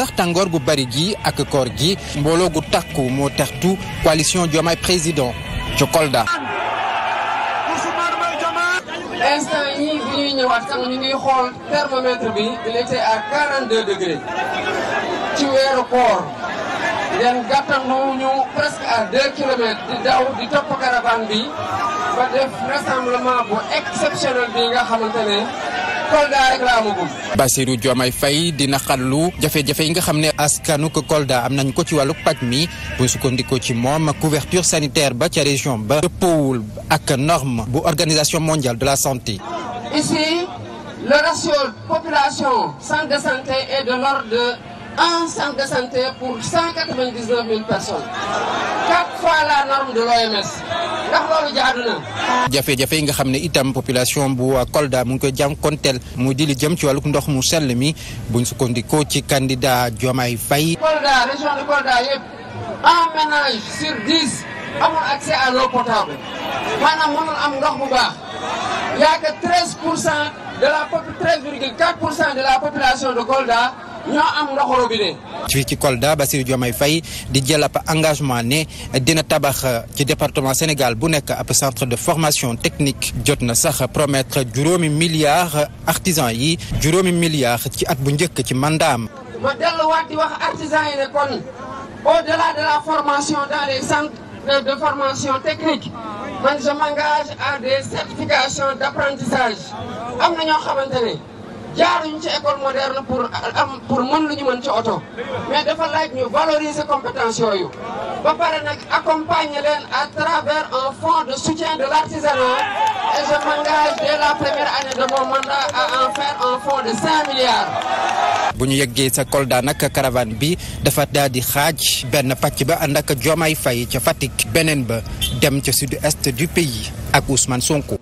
sax tàngoor gu bari gi ak koor mbooloo gu takku moo taxtu coalition Kolda. instant yii bi ñuy ñëwaat sax xool thermomètre bi il était à 42 ci weeru koor ngeen gàttandu ñu presque à 2 di daw di topp caravane bi ba def rassemblement bu exceptionnel bi nga xamante Kolda rek la amagum. Bassirou Diomaye Faye dina xallu jafe-jafe yi nga xam ne askanu ko Kolda am nañ ko ci wàllu paj mi bu sukkandikoo ci moom couverture sanitaire ba ca région ba dëppoowul ak norme bu organisation mondiale de la santé. Ici, le ratio population santé est de l'ordre de santé pour 199 fois la norme de l'OMS. ndax loolu jaadu na. jafe-jafe yi nga xam ne itam population bu Kolda mu ngi koy jànkonteel mu di li jëm ci wàllu ndox mu sell mi buñ sukkandikoo ci candidat Diomaye fay Kolda région de Kolda yëpp un ménage sur amul accès à l'eau potable maanaam mënul am ndox bu baax y a treize pour cent de la population de Kolda. ñoo am ndox robinet. fii ci Kolda Bassirou Diomaye Faye di jël ab engagement ne dina tabax euh, ci département Sénégal bu nekk ab centre de formation technique jot na sax promettre juróomi milliards artisans yi juróomi milliards ci at bu njëkk ci mandaam. ma delluwaat di wax artisans yi ne kon au-delà de la formation dans les centres de formation technique man je à des certifications d'apprentissage am na ñoo xamante ne. jaaruñu ci école moderne pour mën lu mën ci oto mais dafa laaj ñu valoriser compétence yooyu ba pare nag accompagner leen à travers un fonds de soutien de l'artisanat et je m'engage la première année de mon mandat en faire un fonds de milliards. bu ñu yeggee sa Kolda nag caravane bi dafa daldi di xaaj benn pàcc ba ànd ak Diomaye fay ca Fatick beneen ba dem ca sud-est du pays ak Ousmane Sonko.